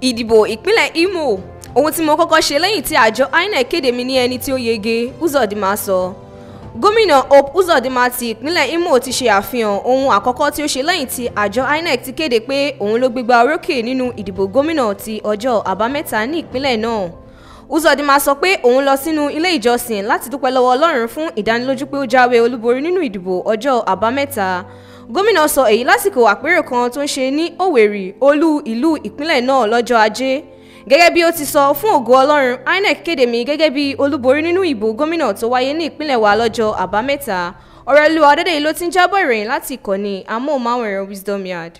ìdìbò ìpínlẹ̀ Imo ohun tí mo kọ́kọ́ ṣe lẹ́yìn tí àjọ INEC kéde mi ní ẹni tí ó yege Uzodinma sọ gómìnà Hope Uzodinma ti ìpínlẹ̀ Imo ti ṣe àfihàn ohun àkọ́kọ́ tí ó ṣe lẹ́yìn tí àjọ INEC ti kéde pé òun ló gbégbá orókè nínú ìdìbò gómìnà ti ọjọ́ àbámẹ́ta ní ìpínlẹ̀ náà Uzodinma sọ pé òun lọ sínú ilé ìjọsìn láti dúpẹ́ lọ́wọ́ Ọlọ́run fún ìdánilójú pé ó jáwé olúborí nínú ìdìbò ọjọ́ àbámẹ́ta gómìnà sọ èyí lásìkò àpérò kan tó ń ṣe ní Òwèrì olú ìlú ìpínlẹ̀ náà lọ́jọ́ ajé gẹ́gẹ́ bí ó ti sọ fún ògo ọlọ́run INEC kéde mi gẹ́gẹ́ bí olúborí nínú ìbò gómìnà tó wáyé ní ìpínlẹ̀ wa lọ́jọ́ àbámẹ́ta ọ̀rẹ́lú adédèyí ló ti ń jábọ̀ ìròyìn láti ìkànnì amóhùnmáwòrán Wisdom Yard.